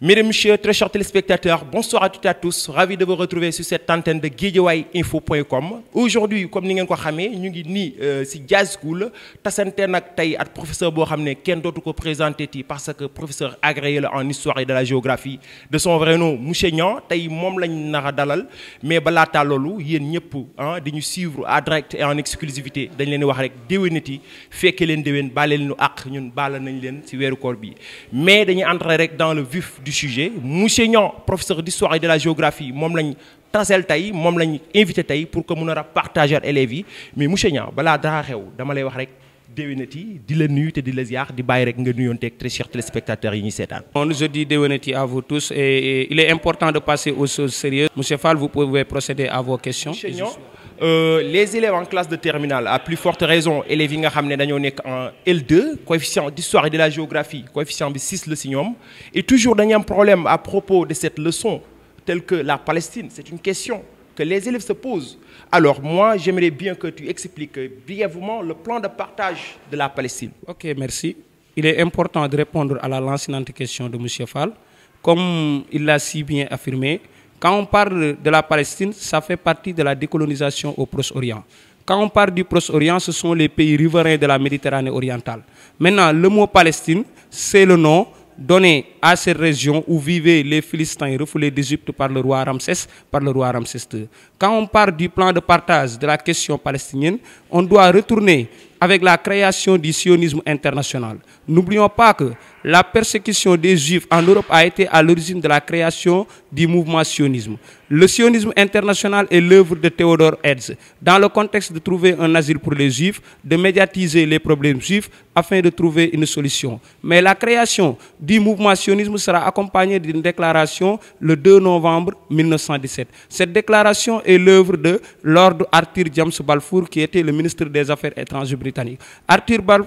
Mesdames, Messieurs, très chers téléspectateurs, bonsoir à toutes et à tous. Ravi de vous retrouver sur cette antenne de guédiawaye Aujourd'hui, comme ni ngeen ko nous sommes ngi nii euh, Jazz School Nous nag tey ak professeur boo ne kenn dootu présenté parce que professeur agréé en histoire et de la géographie de son vrai nom monsieur Niang tey moom lañ nar dalal mais ba laataa loolu yéen hein, suivre à direct et en exclusivité dañ leen di wax rek déwénati fekke leen déwén baale leen ñu àq ñun baala leen si koor mais dañuy entrer dans le vif du sujet monsieur Nyon, professeur d'histoire et de la géographie moom lañ taseel tey invité pour que nous a partager les élèves mais monsieur bala je vais vous dama lay wax rek déwénati di et nuyu te di la ziar di bàyyi rek très chers téléspectateurs yi ñuy on nous dit à vous tous et il est important de passer aux choses sérieuses monsieur Fall vous pouvez procéder à vos questions. monsieur euh, les élèves en classe de terminale à plus forte raison élèves nga en L2 coefficient d'histoire et de la géographie coefficient 6 le signum. et toujours dernier problème à propos de cette leçon telle que la Palestine c'est une question que les élèves se posent alors moi j'aimerais bien que tu expliques brièvement le plan de partage de la Palestine ok merci il est important de répondre à la lancinante question de M. Fall comme il l'a si bien affirmé quand on parle de la Palestine, ça fait partie de la décolonisation au Proche-Orient. Quand on parle du Proche-Orient, ce sont les pays riverains de la Méditerranée orientale. Maintenant, le mot Palestine, c'est le nom donné à ces région où vivaient les Philistins refoulés d'Égypte par le roi Ramsès, par le roi Ramsès II. Quand on parle du plan de partage de la question palestinienne, on doit retourner avec la création du sionisme international. N'oublions pas que la persécution des Juifs en Europe a été à l'origine de la création du mouvement sionisme. Le sionisme international est l'œuvre de Theodore Herzl dans le contexte de trouver un asile pour les Juifs, de médiatiser les problèmes juifs afin de trouver une solution. Mais la création du mouvement sionisme sera accompagnée d'une déclaration le 2 novembre 1917. Cette déclaration est l'œuvre de Lord Arthur James Balfour qui était le ministre des Affaires étrangères Mauritanie Arthur Bal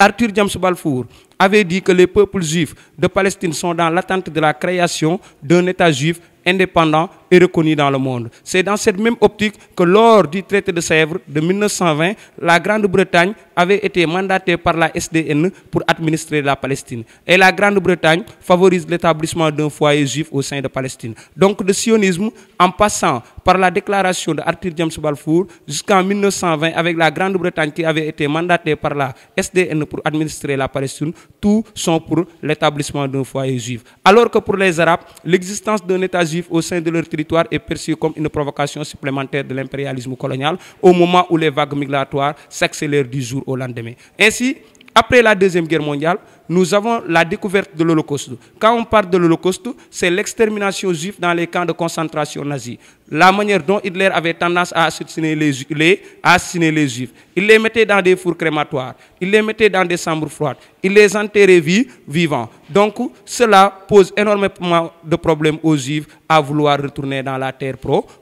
Arthur James Balfour avait dit que les peuples juifs de Palestine sont dans l'attente de la création d'un État juif indépendant et reconnu dans le monde. C'est dans cette même optique que lors du traité de Sèvres de 1920, la Grande-Bretagne avait été mandatée par la SDN pour administrer la Palestine. Et la Grande-Bretagne favorise l'établissement d'un foyer juif au sein de Palestine. Donc le sionisme, en passant par la déclaration de Arthur James Balfour jusqu'en 1920 avec la Grande-Bretagne qui avait été mandatée par la SDN pour administrer la Palestine, tout sont pour l'établissement d'un foyer juif. Alors que pour les Arabes, l'existence d'un État juif au sein de leur territoire est perçue comme une provocation supplémentaire de l'impérialisme colonial au moment où les vagues migratoires s'accélèrent du jour au lendemain. Ainsi, après la Deuxième Guerre mondiale, nous avons la découverte de l'Holocauste. Quand on parle de l'Holocauste, c'est l'extermination juive dans les camps de concentration nazis. La manière dont Hitler avait tendance à assassiner les, juifs. Il les mettait dans des fours crématoires, il les mettait dans des chambres froides, il les enterrait vivants. Donc cela pose énormément de problèmes aux juifs à vouloir retourner dans la terre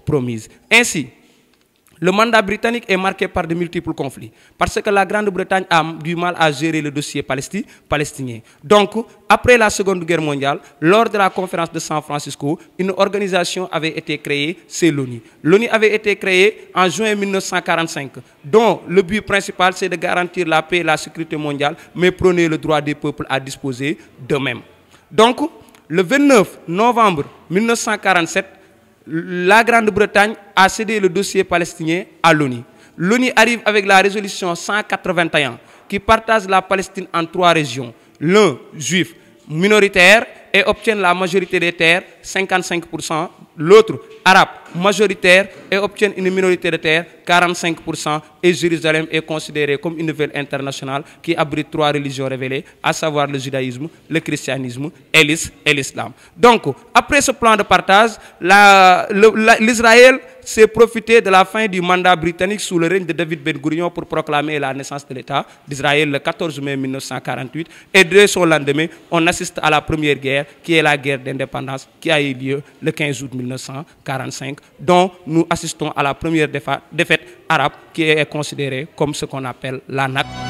promise. Ainsi, le mandat britannique est marqué par de multiples conflits, parce que la Grande-Bretagne a du mal à gérer le dossier palestinien. Donc, après la Seconde Guerre mondiale, lors de la conférence de San Francisco, une organisation avait été créée, c'est l'ONU. L'ONU avait été créée en juin 1945, dont le but principal, c'est de garantir la paix et la sécurité mondiale, mais prôner le droit des peuples à disposer d'eux-mêmes. Donc, le 29 novembre 1947, la Grande-Bretagne a cédé le dossier palestinien à l'ONU. L'ONU arrive avec la résolution 181 qui partage la Palestine en trois régions. L'un, juif minoritaire, et obtiennent la majorité des terres, 55%. L'autre, arabe, majoritaire et obtiennent une minorité de terres, 45%. Et Jérusalem est considérée comme une ville internationale qui abrite trois religions révélées, à savoir le judaïsme, le christianisme et l'islam. Donc, après ce plan de partage, l'Israël c'est profiter de la fin du mandat britannique sous le règne de David Ben Gurion pour proclamer la naissance de l'État d'Israël le 14 mai 1948. Et dès son lendemain, on assiste à la première guerre, qui est la guerre d'indépendance, qui a eu lieu le 15 août 1945, dont nous assistons à la première défaite arabe, qui est considérée comme ce qu'on appelle la NAC.